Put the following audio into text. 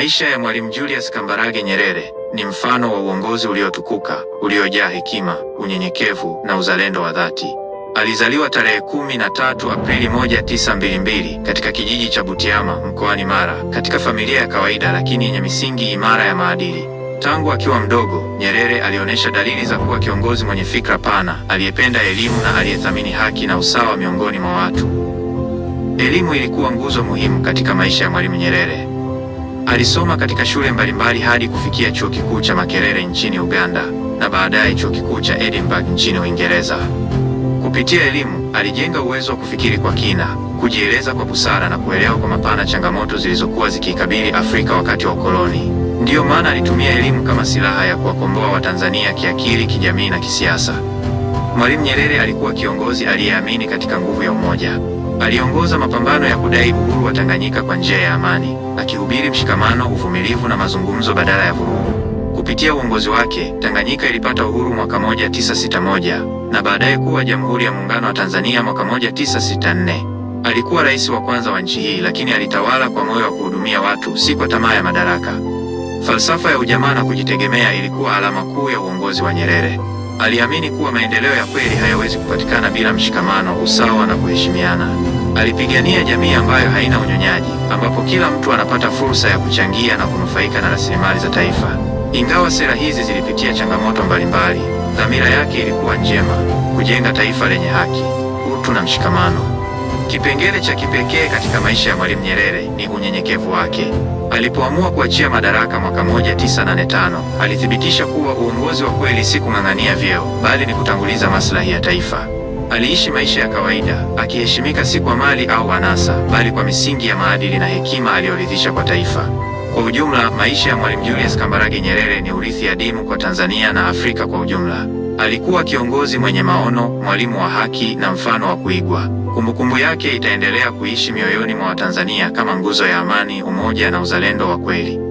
Maisha ya Mwalimu Julius Kambarage Nyerere ni mfano wa uongozi uliotukuka, uliojaa hekima, unyenyekevu na uzalendo wa dhati. Alizaliwa tarehe 13 Aprili 1922 katika kijiji cha Butiama mkoani Mara, katika familia ya kawaida lakini yenye misingi imara ya maadili. Tangu akiwa mdogo, Nyerere alionyesha dalili za kuwa kiongozi mwenye fikra pana, aliyependa elimu na aliyethamini haki na usawa miongoni mwa watu. Elimu ilikuwa nguzo muhimu katika maisha ya Mwalimu Nyerere. Alisoma katika shule mbalimbali hadi kufikia chuo kikuu cha Makerere nchini Uganda na baadaye chuo kikuu cha Edinburgh nchini Uingereza. Kupitia elimu, alijenga uwezo wa kufikiri kwa kina, kujieleza kwa busara na kuelewa kwa mapana changamoto zilizokuwa zikiikabili Afrika wakati wa ukoloni. Ndiyo maana alitumia elimu kama silaha ya kuwakomboa Watanzania kiakili, kijamii na kisiasa. Mwalimu Nyerere alikuwa kiongozi aliyeamini katika nguvu ya umoja. Aliongoza mapambano ya kudai uhuru wa Tanganyika kwa njia ya amani, akihubiri mshikamano, uvumilivu na mazungumzo badala ya vurugu. Kupitia uongozi wake, Tanganyika ilipata uhuru mwaka 1961 na baadaye kuwa Jamhuri ya Muungano wa Tanzania mwaka 1964. Alikuwa rais wa kwanza wa nchi hii, lakini alitawala kwa moyo wa kuhudumia watu, si kwa tamaa ya madaraka. Falsafa ya ujamaa na kujitegemea ilikuwa alama kuu ya uongozi wa Nyerere. Aliamini kuwa maendeleo ya kweli hayawezi kupatikana bila mshikamano, usawa na kuheshimiana. Alipigania jamii ambayo haina unyonyaji, ambapo kila mtu anapata fursa ya kuchangia na kunufaika na rasilimali za taifa. Ingawa sera hizi zilipitia changamoto mbalimbali, dhamira yake ilikuwa njema: kujenga taifa lenye haki, utu na mshikamano. Kipengele cha kipekee katika maisha ya Mwalimu Nyerere ni unyenyekevu wake. Alipoamua kuachia madaraka mwaka tano, alithibitisha kuwa uongozi wa kweli si kung'ang'ania vyeo, bali ni kutanguliza maslahi ya taifa. Aliishi maisha ya kawaida, akiheshimika si kwa mali au anasa, bali kwa misingi ya maadili na hekima aliyorithisha kwa taifa. Kwa ujumla, maisha ya Mwalimu Julius Kambarage Nyerere ni urithi adimu kwa Tanzania na Afrika kwa ujumla. Alikuwa kiongozi mwenye maono, mwalimu wa haki na mfano wa kuigwa. Kumbukumbu yake itaendelea kuishi mioyoni mwa Watanzania kama nguzo ya amani, umoja na uzalendo wa kweli.